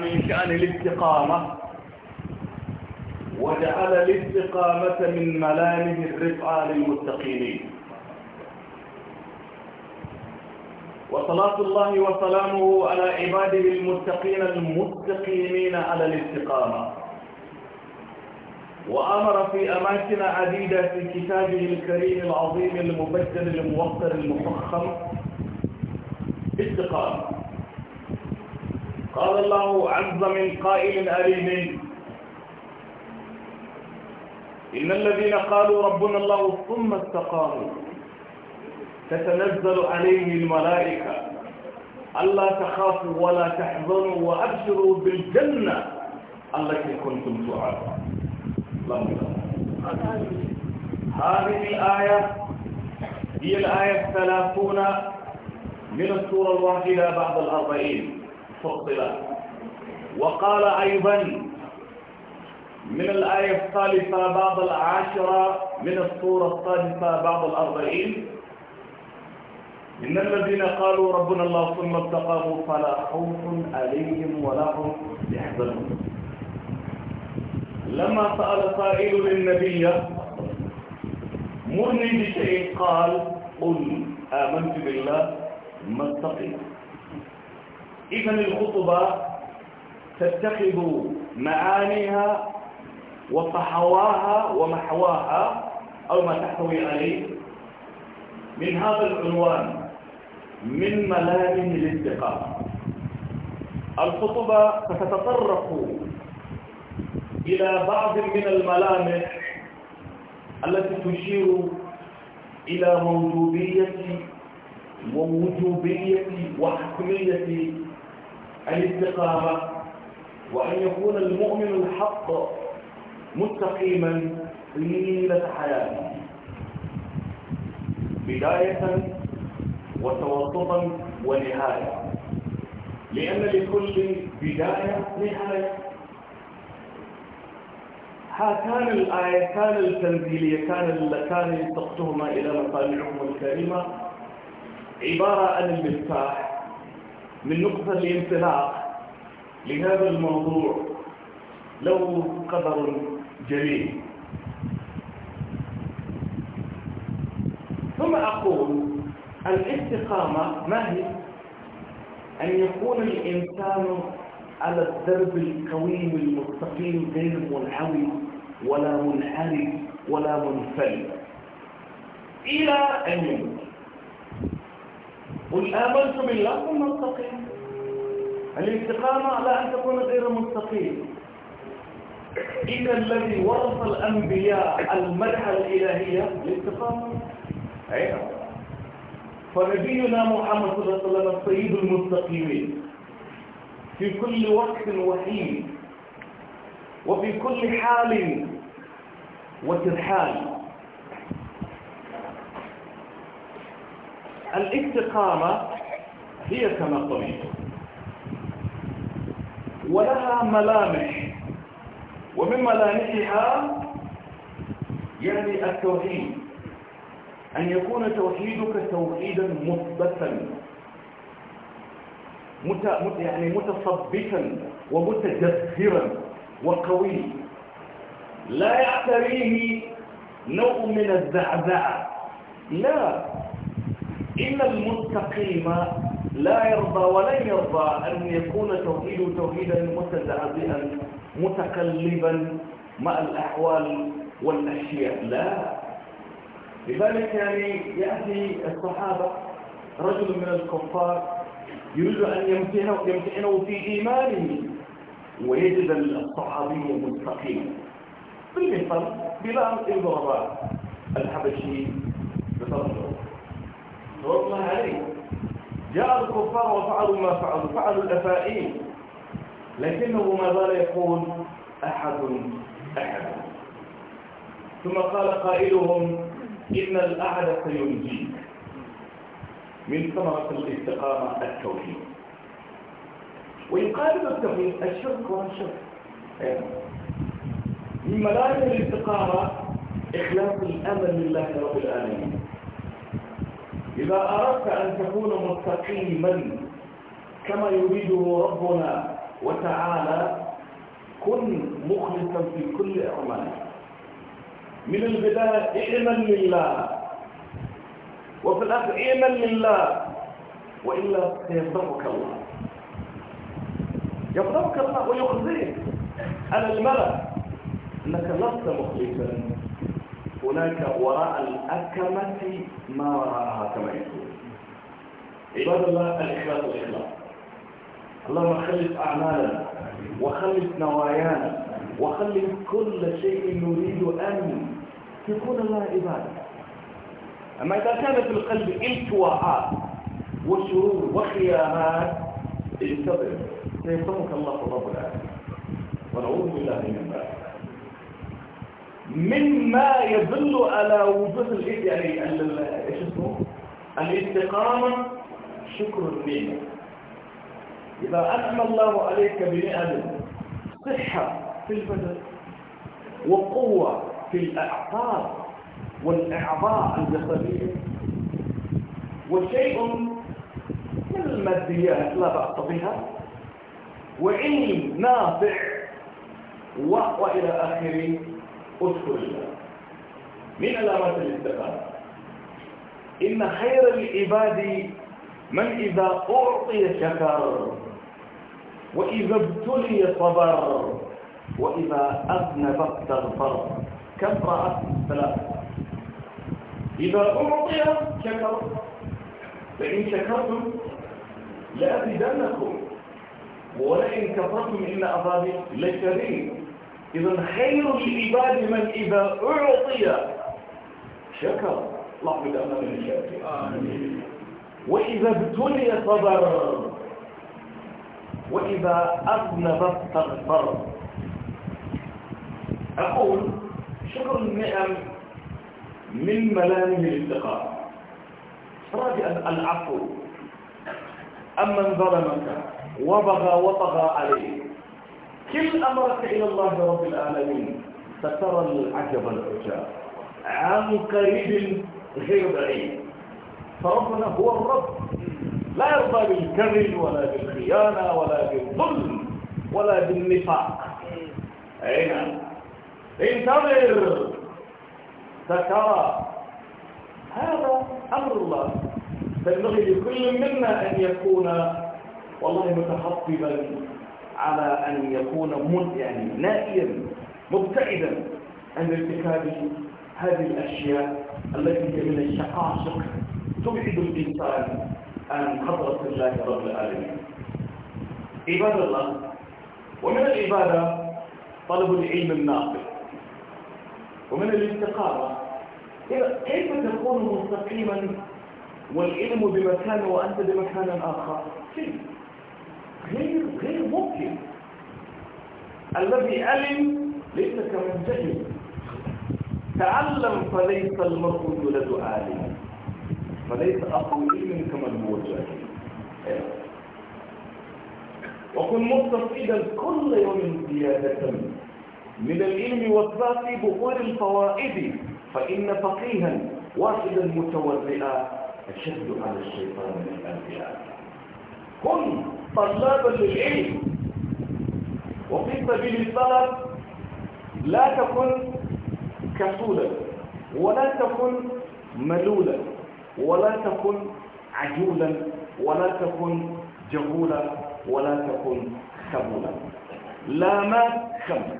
من شأن الاستقامة وجعل الاستقامة من ملامه الرفعة للمتقين وصلاة الله وسلامه على عباده المتقين المستقيمين على الاستقامة وأمر في أماكن عديدة في كتابه الكريم العظيم المبجل الموقر المفخم باستقامة قال الله عز من قائل أليم إن الذين قالوا ربنا الله ثم استقاموا تتنزل عليهم الملائكة ألا تخافوا ولا تحزنوا وأبشروا بالجنة التي كنتم تعرفون هذه الآية هي الآية الثلاثون من السورة الواحدة بعد الأربعين فصلا وقال أيضا من الآية الثالثة بعد العاشرة من الصورة الثالثة بعد الأربعين إن الذين قالوا ربنا الله ثم اتقاه فلا خوف عليهم ولا هم يحزنون لما سأل قائل للنبي مرني بشيء قال قل آمنت بالله ما اتقيت إذا الخطبة تتخذ معانيها وصحواها ومحواها أو ما تحتوي عليه من هذا العنوان من ملامح الاستقامة الخطبة ستتطرق إلى بعض من الملامح التي تشير إلى موجودية ووجوبية وحكمية الاستقامة وأن يكون المؤمن الحق مستقيما طيلة حياته بداية وتوسطا ونهاية لأن لكل بداية نهاية هاتان الآيتان التنزيليتان اللتان تقتهما إلى مصالحهما الكريمة عبارة عن المفتاح من نقطة الانطلاق لهذا الموضوع له قدر جليل ثم أقول الاستقامة ما هي؟ أن يكون الإنسان على الدرب القويم المستقيم غير منعوي ولا منحرف ولا منفل إلى أن يموت قل آمنت بالله ثم استقيم الاستقامة على أن تكون غير مستقيم إذا الذي ورث الأنبياء المدح الإلهية الاستقامة عين نعم. فنبينا محمد صلى الله عليه وسلم سيد المستقيمين في كل وقت وحيد وفي كل حال وترحال الاستقامة هي كما قلت ولها ملامح ومن ملامحها يعني التوحيد أن يكون توحيدك توحيدا مثبتا مت... يعني متصبتا ومتجذرا وقوي لا يعتريه نوع من الزعزعة لا إن المتقيم لا يرضى ولن يرضى أن يكون توحيد توحيدا متزعزئا متقلبا مع الأحوال والأشياء لا لذلك يعني يأتي الصحابة رجل من الكفار يريد أن يمتحنه في إيمانه ويجد الصحابي مستقيما بالمثل بلا الضرباء الحبشي بطرف الله عليه جاء الكفار وفعلوا ما فعلوا فعلوا الأفائين لكنه ما زال يقول أحد أحد ثم قال قائلهم إن الأعلى سينجيك من ثمرة الاستقامة التوحيد ويقارب التوحيد الشرك والشرك مما لا يمكن الاستقامة إخلاص الأمل لله رب العالمين إذا أردت أن تكون مستقيما كما يريده ربنا وتعالى كن مخلصا في كل أعمالك من البداية اعمل لله وفي الآخر اعمل لله وإلا سيضرك الله يضرك الله ويخزيك على الملأ أنك لست مخلصا هناك وراء الأكمة ما وراءها كما يقول عباد الله الإخلاص الإخلاص اللهم خلص أعمالنا وخلص نوايانا وخلص كل شيء نريد أن تكون لنا عبادة أما إذا كان في القلب التواءات وشرور وخيامات انتظر سيصمك الله رب العالمين ونعوذ بالله من ذلك مما يدل على وجود الايه يعني ايش اسمه الاستقامه شكر النعمه اذا انعم الله عليك بنعم صحه في البدن وقوه في الاعصاب والاعضاء الجسديه وشيء من الماديات لا باس بها وعلم نافع والى اخره اذكر الله من علامات الاستقامة إن خير العباد من إذا أعطي شكر وإذا ابتلي صبر وإذا أذنب استغفر كم رأت ثلاثة إذا أعطي شكر فإن شكرتم لأزيدنكم ولئن كفرتم إن عذابي لشديد إذا خير العباد من إذا أعطي شكر الله بدأ من وإذا ابتلي صبر وإذا أذنب استغفر أقول شكر النعم من ملامه الانتقام راجع العفو أمن ظلمك وبغى وطغى عليك كل أمرك إلى الله رب العالمين سترى العجب العجاب عام قريب غير بعيد فربنا هو الرب لا يرضى بالكذب ولا بالخيانة ولا بالظلم ولا بالنفاق أي نعم انتظر فترى هذا أمر الله فينبغي لكل منا أن يكون والله متحطبا على أن يكون يعني نائيا مبتعدا عن ارتكاب هذه الأشياء التي هي من الشقاشق تبعد الإنسان عن حضرة الله رب العالمين عباد الله ومن العبادة طلب العلم النافع ومن الاستقامة كيف تكون مستقيما والعلم بمكان وأنت بمكان آخر؟ كيف؟ غير غير ممكن الذي ألم ليس كمنتهي تعلم فليس المرء يولد آلما فليس منك من هو جاهل وكن مقتصدا كل يوم زيادة من العلم والذات بغير الفوائد فإن فقيها واحدا متوزئا أشد على الشيطان من الأنبياء كن طلابا للعلم وفي سبيل الطلب لا تكن كسولا ولا تكن ملولا ولا تكن عجولا ولا تكن جهولا ولا تكن خبولا لا ما خمس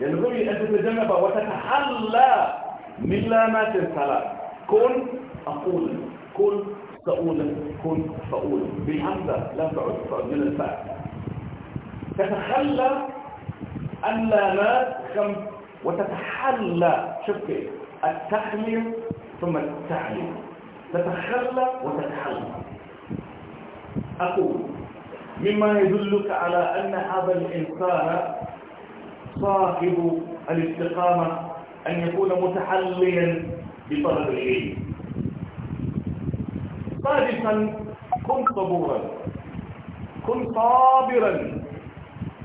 ينبغي يعني أن تتجنب وتتحلى من لامات الثلاث كن أقول كن فأولا كن فأولا بالهمزة لا تعد تعدل الفعل تتخلى اللامات خمس وتتحلى شوف كيف ثم التعليم تتخلى وتتحلى أقول مما يدلك على أن هذا الإنسان صاحب الاستقامة أن يكون متحليا بطلب العلم ثالثا كن صبورا كن صابرا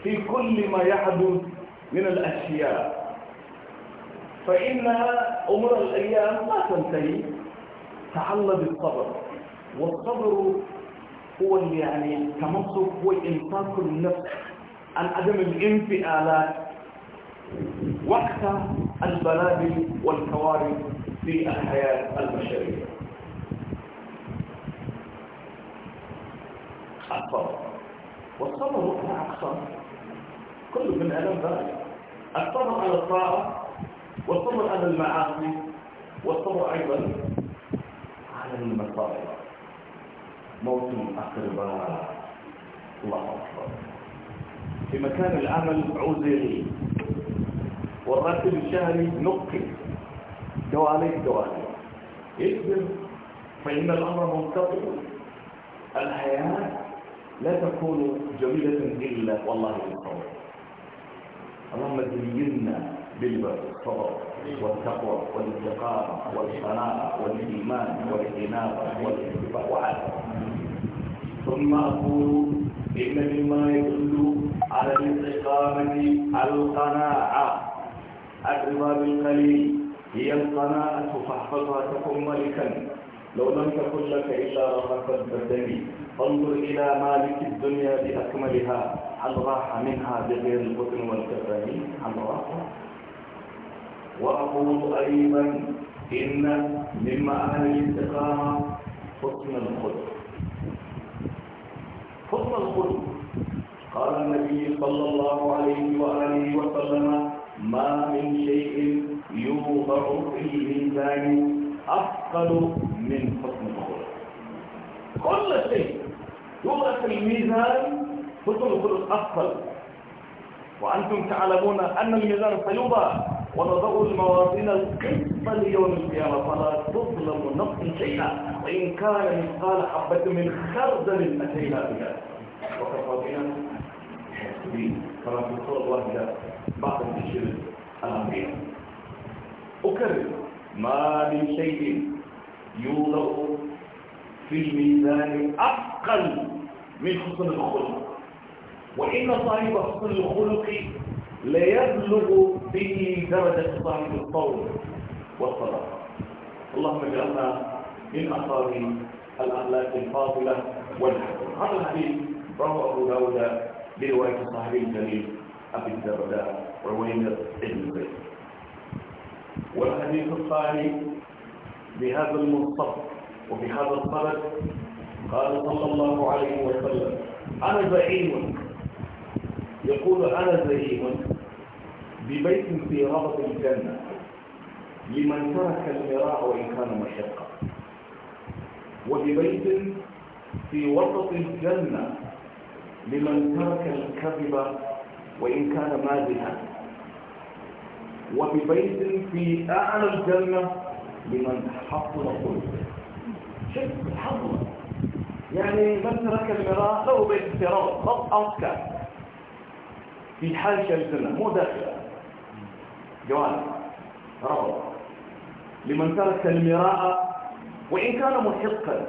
في كل ما يحدث من الأشياء فإن أمور الأيام لا تنتهي تعلى بالصبر والصبر هو يعني التمسك هو إنفاق النفس عن عدم الانفعالات وقت البلاد والكوارث في الحياة البشرية أقصر والصبر مع أقصر كل من ألم ذلك الصبر على الطاعة والصبر على المعاصي والصبر أيضا على المصائب موت أقرباء الله أكبر في مكان العمل عزل والراتب الشهري نقي دواليك دواليك اصبر فإن الأمر منتظر الحياة لا تكون جميلة إلا والله بالصبر اللهم زينا بالصبر والتقوى والاستقامة والصلاة والإيمان والإنابة والاستفاء وعلى ثم أقول إن مما يدل على الاستقامة القناعة أقرب بالقليل هي القناعة فاحفظها تكن ملكا لو لم تكن لك إلا رغبة بدني فانظر إلى مالك الدنيا بأكملها هل راح منها بغير البطن والكفاني هل راح وأقول أيضا إن من معاني الاستقامة حسن الخلق حسن الخلق قال النبي صلى الله عليه وآله وسلم ما من شيء يوضع في الإنسان أثقل من حسن الخلق كل شيء يوضع الميزان فتنقل الأفضل وأنتم تعلمون أن الميزان سيوضع ونضع الموازين القصة ليوم القيامة فلا تظلم نفس شيئا وإن كان مثقال حبة من خردل أتينا بها وكفى بنا حسبين كما في سورة واحدة بعد التشريع الأمرية أكرر ما من شيء يوضع في الميزان أثقل من حسن الخلق وإن صاحب حسن الخلق ليبلغ به درجة صاحب القول والصلاة اللهم اجعلنا من أثار الأخلاق الفاضلة والحسن هذا الحديث رواه أبو داود برواية صاحب الجليل أبي الدرداء رويدة ابن زيد والحديث الثاني بهذا المنصب وبهذا الصدد قال صلى الله عليه وسلم أنا زعيم يقول أنا زعيم ببيت في ربط الجنة لمن ترك المراء وإن كان مشقة وببيت في وسط الجنة لمن ترك الكذب وإن كان مازحا وببيت في أعلى الجنة لمن حصل قلبه شوف حصل يعني من ترك المراه له بيت افتراض خط أوسكا في حال شلسلة مو داخلة جوانب ربط لمن ترك المراء وإن كان محقا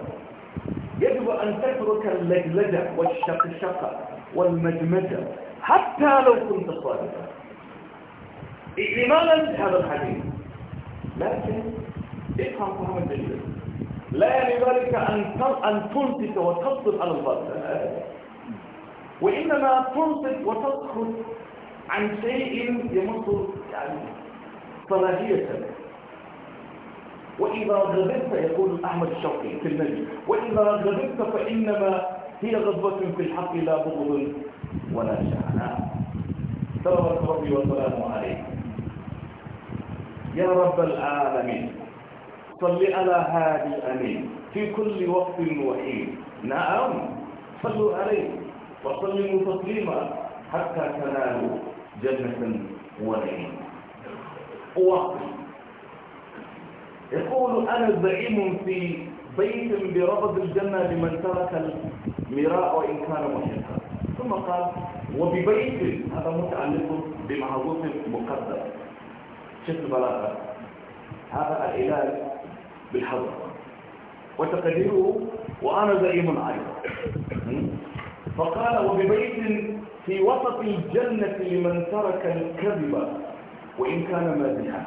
يجب أن تترك اللجلجة والشقشقة والمجمجة حتى لو كنت صادقا لماذا هذا الحديث لكن افهم فهم الدليل لا يعني ذلك أن أن تنطق وتصدق على الباطل وإنما تنطق وتسكت عن شيء يمس يعني صلاحية وإذا غضبت يقول أحمد الشوقي في النجم وإذا غضبت فإنما هي غضبة في الحق لا بغض ولا شعناء صلوات ربي وسلامه عليه يا رب العالمين صل على هادي أمين في كل وقت وحين نعم صلوا عليه وسلموا تسليما حتى تنالوا جنة ونعيم وقت يقول أنا زعيم في بيت برغض الجنة لمن ترك المراء وإن كان محيطا ثم قال وببيت هذا متعلق بمعروف مقدر شكل بلاغة هذا العلاج بالحضر وتقديره وأنا زعيم عليه فقال وببيت في وسط الجنة لمن ترك الكذب وإن كان مازحا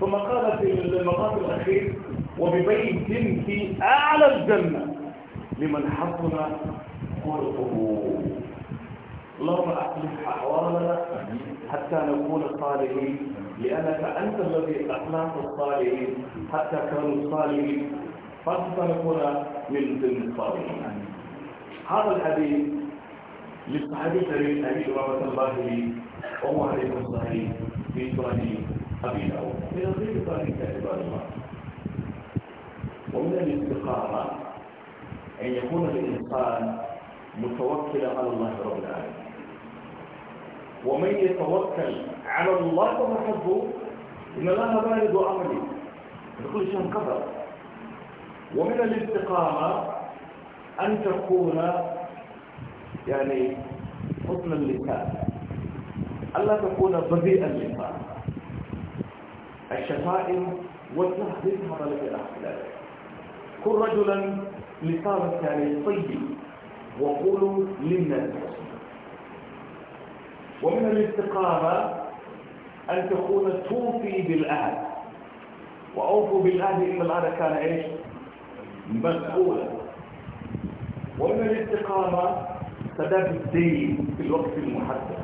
ثم قال في المقاطع الأخير وببيت في أعلى الجنة لمن حصل خلقه اللهم أحلف أحوالنا حتى نكون صالحين لأنك أنت الذي أخلاق الصالحين حتى كانوا الصالحين فاستنقنا من ضمن الصالحين هذا الحديث للصحابي الكريم أبي رحمة الباهلي وهو عليه الصحيح في سنن أبي داود من غير ذلك عباد الله ومن الاستقامة أن يكون الإنسان متوكلا على الله رب العالمين ومن يتوكل على الله فهو حسبه إن الله بارد أمره بكل شيء كفر ومن الاستقامة أن تكون يعني حسن اللسان ألا تكون بذيء اللسان الشفائن والنهض يظهر لك الأحلال كن رجلا لسانك يعني طيب وقولوا للناس ومن الاستقامة أن تكون توفي بالأهل وأوفوا بالأهل إن العهد كان إيش مسؤولا ومن الاستقامة سداد الدين في الوقت المحدد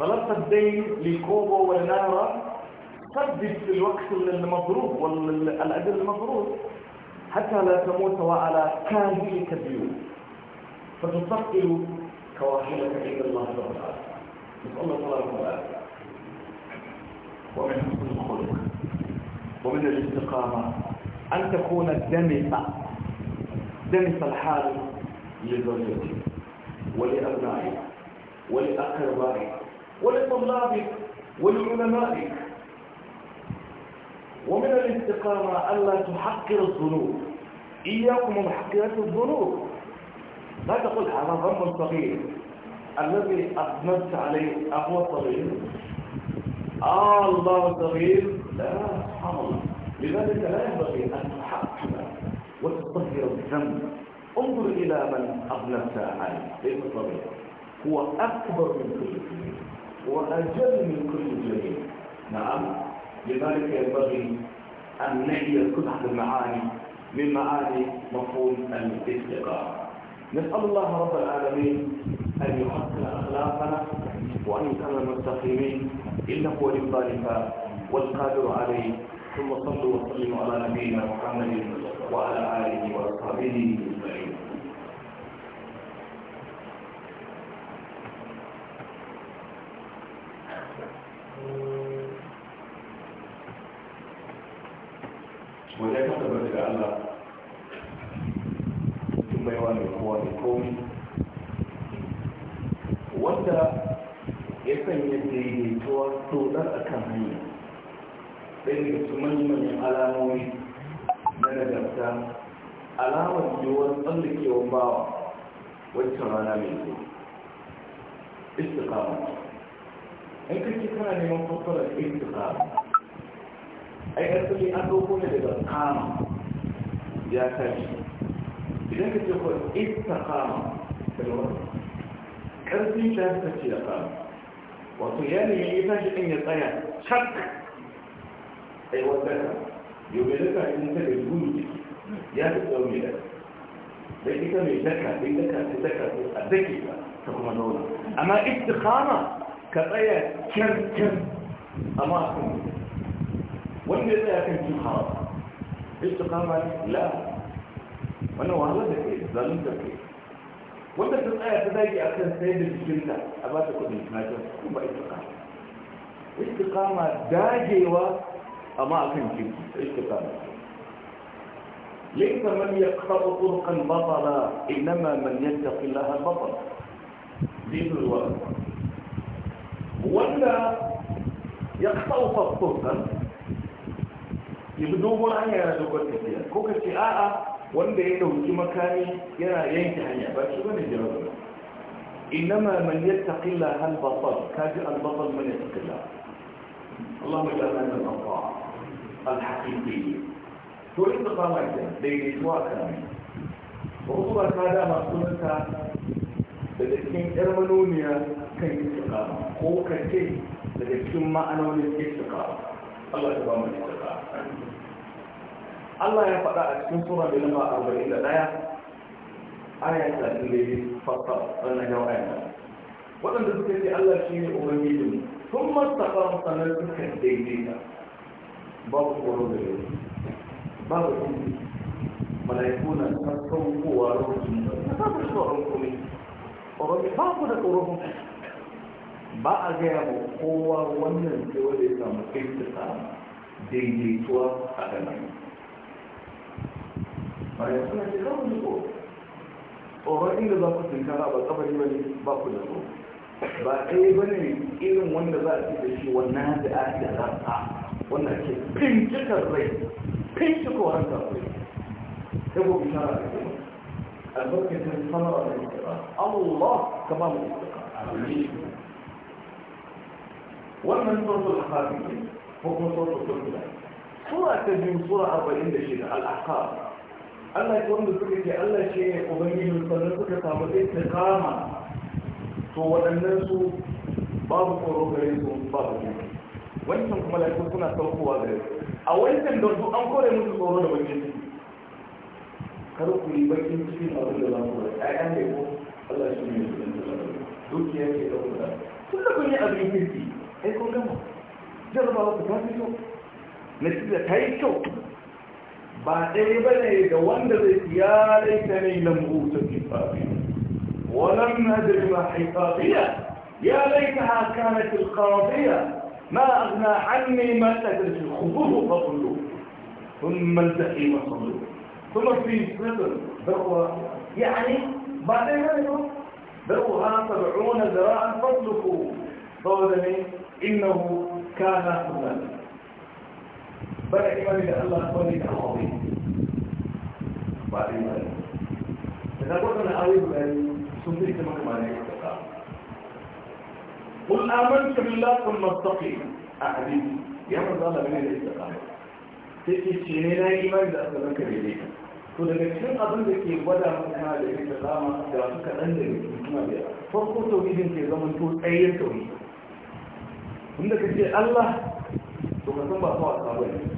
طلبت الدين للكوبا والنارة سدد في الوقت المضروب والأجل المضروب حتى لا تموت وعلى كاهلك الديون فتصقل عند الله سبحانه نسأل الله ومن حسن الخلق ومن الاستقامة أن تكون دمسة دمس الحال لزوجتك ولأبنائك ولأقربائك ولطلابك ولعلمائك ومن الاستقامة ألا تحقر الظنوب إياكم ومحقرة الظنوب لا تقول على ضرب الصغير الذي أقمت عليه أهو صغير آه الله صغير لا سبحان الله لذلك لا ينبغي أن تحكم وتطهر الذنب انظر إلى من أغلبت عليه ليس صغير هو أكبر من كل جميل وأجل من كل جميل نعم لذلك ينبغي أن نحيي كل المعاني من معاني مفهوم الاستقامة نسأل الله رب العالمين أن يحسن أخلاقنا وأن يكرم المستقيمين إنه ولي ذلك والقادر عليه ثم صلوا وسلموا على نبينا محمد وعلى آله وأصحابه أجمعين komi wanda ya sanya daidaituwa tsotsar a kan hanyar, ɗaya da su manyan alamomi na nagarta alamar yiwuwar tsallakewar bawa wacce rana mai zo istikama in kake kana neman fassarar istikama ai asali an ɗauko ne daga kama ya tashi لذلك يقول استقام في الوقت كرسي لا تستطيع قام وصيامه يعني يفاجئ أن يطيع شك أي وزنة يوجدك أن أنت بالجود يا تقوم لك ليس كم يزكى بيتك تزكى الذكي تقوم نولا أما استقامة كطيع كم كم أما أكون وإن يطيع كم كم استقامة لا وانا وانا كيف ظلمت كيف وانت تبقى يا سيدي أحسن سيدي في الجنة أبا تكون إسماجة كم إستقامة إستقامة داجي و أما أكن كيف إستقامة ليس من يقطع طرقا بطلا إنما من يتق الله البطل دين الوقت ولا يقطع طرقا يبدو مرعي على دوكا كثيرا كوكا في آآ آه، آه. wanda ya dauki makami yana yanke hanya ba shi bane jawabi inma man yattaqilla hal batal kaji al batal man yattaqilla Allahumma ja'alna min al-aqwa al-haqiqi to inda ta ita daidai zuwa kan ba ku ba ka da masu nanta daga cikin yar manoniya kan istiqa ko kace daga cikin ma'anonin istiqa Allah ta ba mu istiqa Allah ya faɗa a cikin sura mai lamba arba'in da ɗaya aya ta tsire fasta wannan yau aya waɗanda suka ce Allah shi ne ubangiji sun mastafa sannan suka daidaita babu tsoro da yau babu tsoro malaiku na sassaukowa lokacin da ta sabu tsoron kome tsoron ba tsoro da tsoron ba a gaya ma kowa wannan sai wanda ya samu kai ta daidaituwa a ganin bayan suna ce kawai ne ko tsoron inda za ku tunta na ba kabari ba ne ba ku da tsoro ba ɗaya ba ne irin wanda za a ce da shi wannan da a da rasa wanda ke fincikar rai fincikowar da rai sai ko bishara da ke albarkacin sanarwa da ke ba Allah ka ba mu wannan sautul hafi ne ko kuma sautul sulhula sura ta biyu sura arba'in da shida al-ahqaf Allah ce wanda suka ce Allah ce ne ubangijin sannan suka samu kama to waɗannan su babu tsoro gare su babu ne wancan kuma laifin suna saukowa gare su a wancan da su an kore musu tsoro da wajen ciki kar ku yi bakin ciki a da za ku da ƴaƴan ne ko Allah shi ne dukiya ke da kuɗa sun da kun yi abin kirki ai kun gama jarabawa ku ta fito natija ta yi kyau ba ɗaya ba ne ga wanda zai ya laita ne lam uta kifafiya ولم أدري ما حفاظية يا ليتها كانت القاضية ما أغنى عني ما أدري الخبز فضلوا ثم التحيم صلوا ثم في صدر ذروة يعني بعدين ذروها سبعون ذراعا فاطلقوا قولني إنه كان هناك bada imani da Allah wani da hawaii ba da imani da na gwada na awi guda sun fi ita maka mana ya kasa kun amanta billah kun mastaqi a hadisi ya manzo Allah bane da ita kama sai ke ce ne na yi imani da Allah ka daidai to daga cikin abin da ke gwada maka da ita kama da wasu kaɗan da ke kuma da farko tauhidin ke zama to tsayin tauhidi inda ka ce Allah to ka san ba kawai sabon ne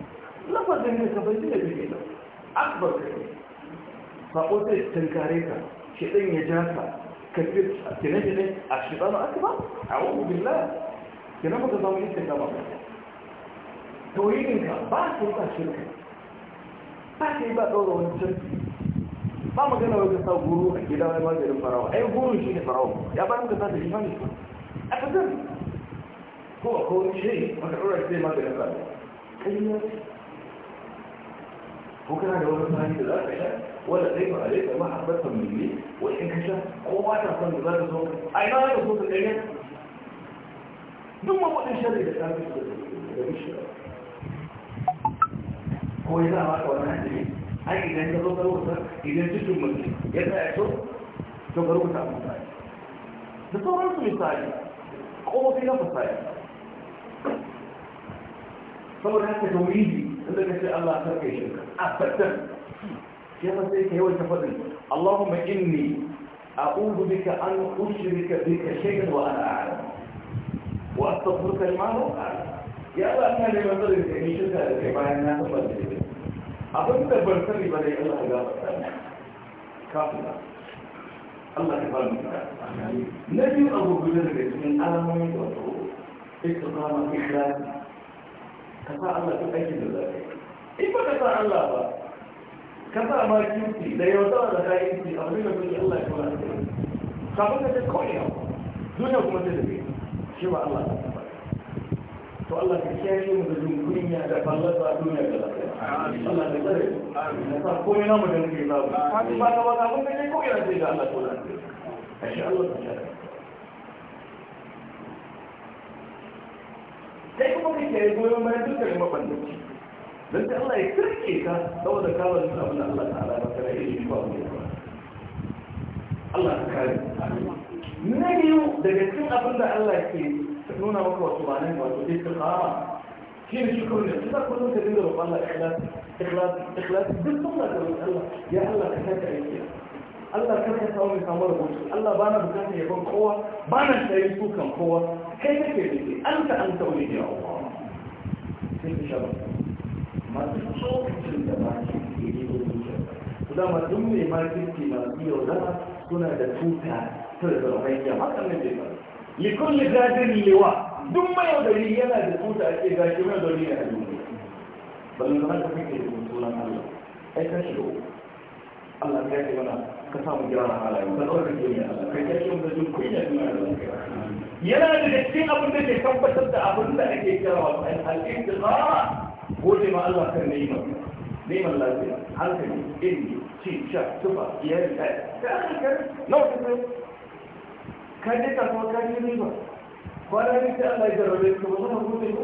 lafazin ne ka bai da biyu da akbar ka ne sako sai tankare ka shaɗin ya ja ka ka a tine-tine a shiɗanu akbar a wani billah kina maka zama yin ta gama tauhidinka ba su yi ba shirka ba ka yi ba ɗaura wani canfi ba magana wai ka sa guru a gida wai maganin farawa ai guru shi ne farawa ya ba ka sa da imani a kasar ko a kowane shi maka ɗaura shi zai maganin farawa kai ya ممكن انا اقول لك هذه الاكله ولا ايوه عليك ما حبيتها من لي كده هو انا كنت ده هو اي ما هي صوت العين ثم هو الانشاد اللي كان في هو اذا ما هو انا عندي هاي اذا انت لو ضروري اذا انت شو المسلم يبقى شو شو ضروري تعمل ده صار رسم مثالي قوه في نفسها صور حتى توحيدي inda ka ce Allah yi a tattan shi yasa sai ka yawaita faɗin Allahumma inni bika an wa ana wa astaghfiruka lima ya Allah ina neman tsarin da yi shirka da kai bayan na da kai abin da ban sani ba dai Allah ya kafin Allah ya na biyu da cikin alamomin da wato ka sa Allah duk aikin da za in ba ka sa Allah ba ka sa ma kinki da yau za da ka yi kinki a wani da Allah ya kula da ka ba ka ta kawai yau duniya kuma ta da shi ba Allah ta ba to Allah ka kiyaye mu da dunkurin ya da fallasa duniya da lafiya Allah ka tsare na sa komai namu da muke zaɓa ba ka ba ka mun kai kawai ya ce da Allah kula da shi Allah ta kiyaye sai kuma kai yi goyon bayan ne mabandaci don ta Allah ya kirke ka saboda kawar da abin da Allah ta ala maka da ilimi ba mu yawa Allah ta kare na biyu daga cikin abin da Allah ke nuna maka wasu ba nan wato dai ta kama shi ne shi kuma ne ta kullum ka dinga roƙon Allah ikhlas ikhlas ikhlas duk sun da Allah ya Allah ka saka aiki Allah kan ka samu samu rubutu Allah bana bukatar yabon kowa bana sayi sukan kowa kai kake ke an ta an ta wani ya Allah sai ki shaba masu tsokacin da ba ki ke yi da zuciya ku dama duk mai makirki masu yau da suna da tuta ta da zarafai ramayya hakan ne bai faru likulli gadin liwa duk mai yau yaudari yana da tuta ake gashi mai yaudari na duniya balin zama da ke da sunan Allah ai ka shigo Allah ya yi mana ka samu gyara halaye ka zo ka duniya ka ga shi da duk kunya duniya da kai yana da cikin abin da ke tabbatar da abin da ake kira wa al-intizara gode ma Allah kan neman ni'imar lafiya hankali ilmi ci sha tufa iyali ka ka nawa ka sai ka je ka kuma ka ji Ba kwana ne sai Allah ya jarrabe ka ba zama gobe ba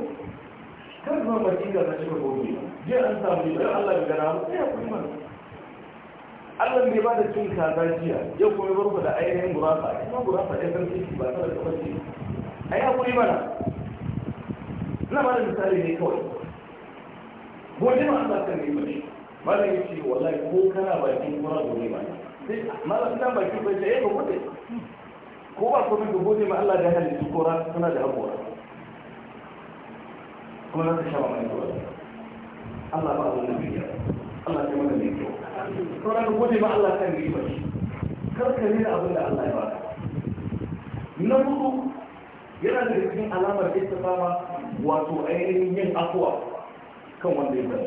kan zama baki da na shi ba gobe je an samu riba Allah ya gara mu sai ya kuma Allah ne ba da cin kaza jiya yau kuma bar ku da ainihin gurasa kuma gurasa ya san ciki ba ta da a ai hakuri mana ina ba da misali ne kawai gobe ma Allah kan ne ba malam yace wallahi ko kana bakin gura gobe ma ba su ina bakin ta eh ba gobe ko ba ko min gobe ma Allah da halittu ko ran suna da hakura kuma za ta sha mamaki Allah ba a da biyar Allah ya mana ne kyau to na gode ma Allah kan riba shi karkare da abin da Allah ya baka na hudu yana da cikin alamar ittifama wato ainihin yin afuwa kan wanda ya zama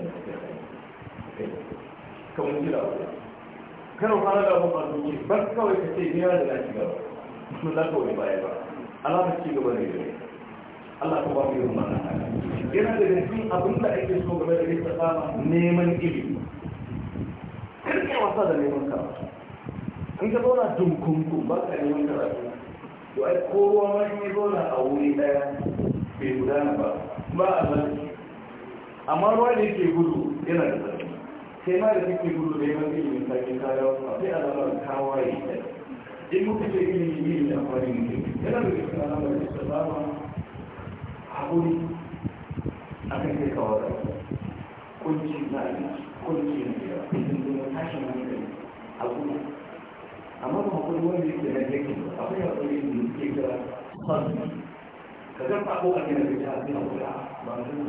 kan wani jira wani kan fara da abin arziki ba kawai ka ce yana da na shiga ba su za ka wani baya ba alamar ci gaba ne Allah ta ba mu yi rumana yana da cikin abin da ake so game da ittifama neman ilimi wasa da neman karatu in ka zauna dunkunku ba ka neman karatu to ai kowa ma in zauna a wuri daya bai gudana ba ba a zarfi amma ruwa da yake gudu yana da zarfi sai ma da kake gudu da yawan ilimin sakin kaya a sai alamar kawaye in muka ce ilimin da amfani ne yana da cikin alamar da ta zama haƙuri a kan kai kawai kunci na abinci kunci na gida sashen wani gari a kuma amma ba hakuri wanda yake da yake akwai hakuri da yake kira kwanci ka zan faɗo a gina da ta zina kula ba a zina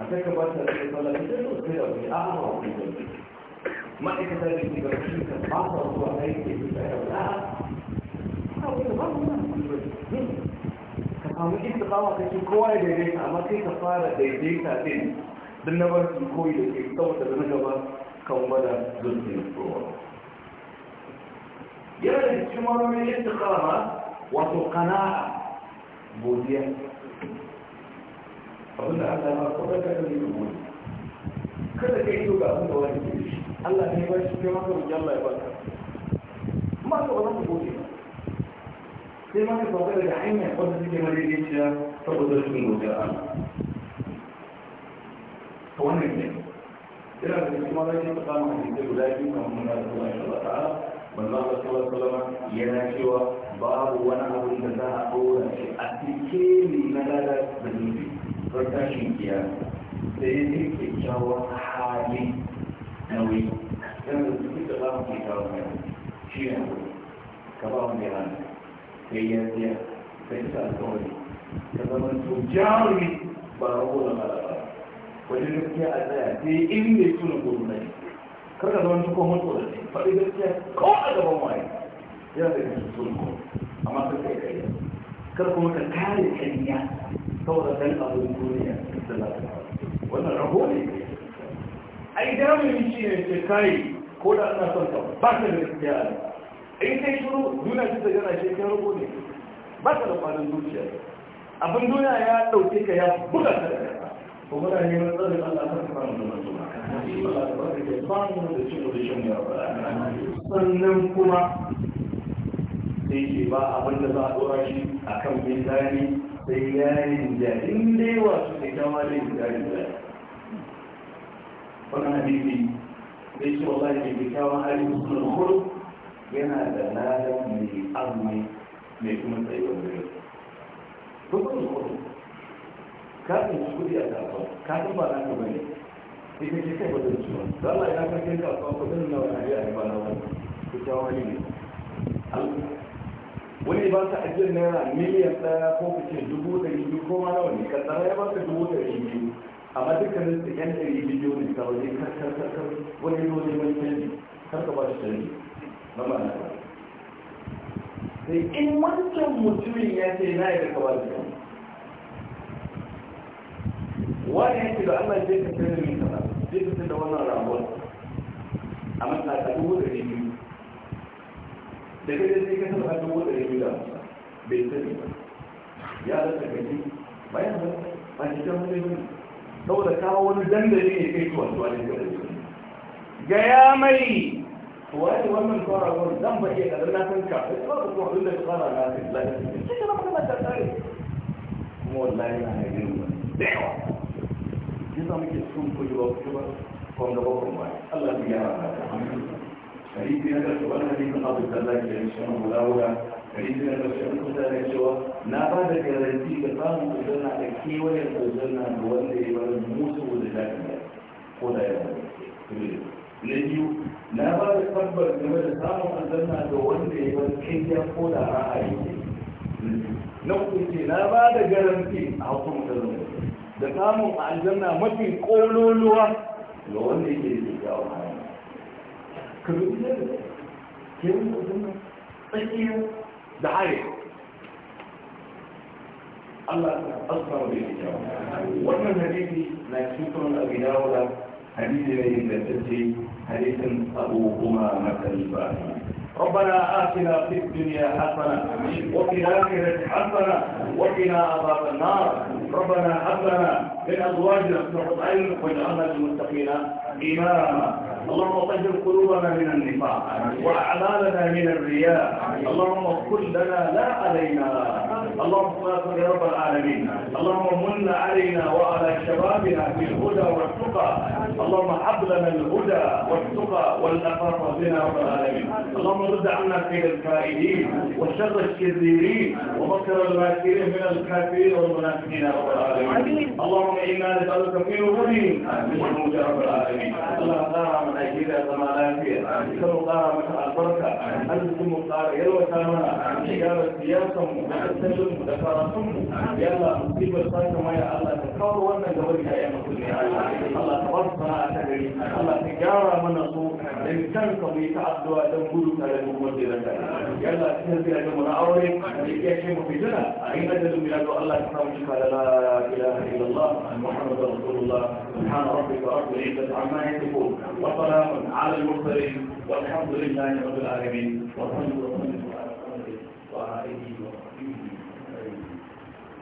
a kai ka ba ta da ya falla ta zai wasu da wani a'a ba wani gari ma'aikata da ke shi ka ba ta zuwa aiki da ta yi a'a ka wani ba wani gari ka samu inda bawa kake kowa ya daidaita amma kai ka fara daidaita din don na ba su koyi da ke da na gaba kawo mana zulfin ruwa yana da cikin wani istikama wato kana'a godiya abinda Allah ya maka wadda ka yi godiya kada ka yi ga abin da wani ke shi Allah ne ba shi kuma ka wuce Allah ya baka amma ka wani godiya sai ma ka sauka daga hanyar wadda suke madaidaiciya saboda rashin godiya Allah ta wannan ne yana da kuma rashin samun hadisai guda biyu kan mun da Allah subhanahu ta'ala manzo Allah sallallahu alaihi yana cewa babu wani abu da za a dora shi a cikin ne na lada da zubi har tashin kiyama sai ne kyakkyawan hali nauyi yana da zubi da za mu kyakkyawan hali shi ne ka ba mu da sai ya tsaya sai ta alƙawari ka zama to jarumi ba rahola ba da ba wajen gaskiya a tsaya sai inda ya tuna gudu na shi kada zama duk kuma mutu da shi faɗi gaskiya ko a gaban waye Yana da kasu sun ko amma kan kai kai kar kuma ka kare kanya saboda kan abin duniya da lafiya wannan rago ne ai yi shi ne ce kai ko da ana son ka ba ka da gaskiya a in kai shiru duniya ta gana shi kan rago ne ba ka da kwanan zuciya abin duniya ya ɗauke ka ya buga ka da kuma da neman tsarin Allah ta kama da masu Allah ta baka ke ba mu da cin da sannan kuma sai ke ba abin da za a dora shi a kan bin dani sai yayin da in dai wasu ne kama da yin dani da wannan hadisi da shi wallahi ke kyakkyawan hali musulun hulu yana da ladan mai azumi mai kuma tsayuwar da yau. kuma hulu ka tsinci kudi a kasuwa ka san ba naka bane ita ce kai bada zuciya za a ya ka kai kasuwa kudin na wani ariya ba na wani kyakkyawan hali ne wani ba ka ajiyar naira miliyan ɗaya ko kace dubu ɗari biyu ko ma nawa ne kaddara ya ba ka dubu ɗari biyu amma dukkanin su yan ɗari biyu ne ta waje karkar wani zo neman canji kar ka ba shi canji na ba na sai in wancan mutumin ya ce na yi da ka ba shi canji wani yake da Allah zai ka da min kaza zai ka da wannan ramuwar a matsa dubu da biyu da kai zai ka sayar da dubu da biyu da bai sani ba ya zaka gaji bayan ba ba shi kan wani ne saboda kawo wani dandali ne kai zuwa zuwa ne ga ya mai wani wannan fara wani zan ba iya kadar na san ka sai ba ku kuma ka fara na san lafiya sai kana magana ta tsare kuma wallahi na ne da yawa yasa muke cikin kujewa kujewa wanda bakon ba Allah ya gyara ta hadisi na karshe wani hadisin abu sallah ke yin shan mulawula hadisi na karshe an kusa da cewa na ba da garanti da samun aljanna da kewayen wanda ya bar musu da daɗi ko da yawa na biyu na ba da tabbar game da samun aljanna da wanda ya bar kiyya ko da ra'ayi na uku ce na ba da garanti a hukumar da zama da samun aljanna mafi kololuwa da wanda yake da kyakkyawan hali ka rubu da ke wanda zama tsakiya da hari Allah ta asma wa yake kyawa wannan hadisi na cikin sunan abi dawuda hadisi ne da tace hadisin abu kuma na kalbani ربنا آتنا في الدنيا حسنة وفي الآخرة حسنة وقنا عذاب النار ربنا حسنة من أزواجنا قرة أعين واجعلنا للمتقين إماما اللهم طهر قلوبنا من النفاق وأعمالنا من الرياء اللهم اغفر لنا لا علينا اللهم اغفر يا رب العالمين اللهم من علينا وعلى شبابنا في الهدى والتقى اللهم حب لنا الهدى والتقى والنفاق بنا رب العالمين اللهم رد عنا كيد الكائدين وشر الشريرين ومكر الماكرين من الكافرين والمنافقين رب العالمين اللهم إنا نسألك في نورهم من رب العالمين اللهم mana a gida zama lafiya ta mu ƙara mata albarka arzikin mu ƙara yalwata mana gyara siyasan mu da tattalin mu da karatun mu ya Allah musibar saka maya Allah ta kawo wannan gaban ya yi musulmi Allah ta wasu sana'a ta gari Allah ta gyara mana su don kan ka mu yi ta addu'a don gudu tare da mu da zaka ya Allah ta yi zira da mu na aure da ya ce mu fitina a yi ajalin mu ya zo Allah ta samu cika da la ilaha illallah Muhammadu Rasulullah subhana rabbika rabbil izzati amma yasifun wa وسلام على المرسلين والحمد لله رب العالمين وصلوا وسلموا على محمد وعلى اله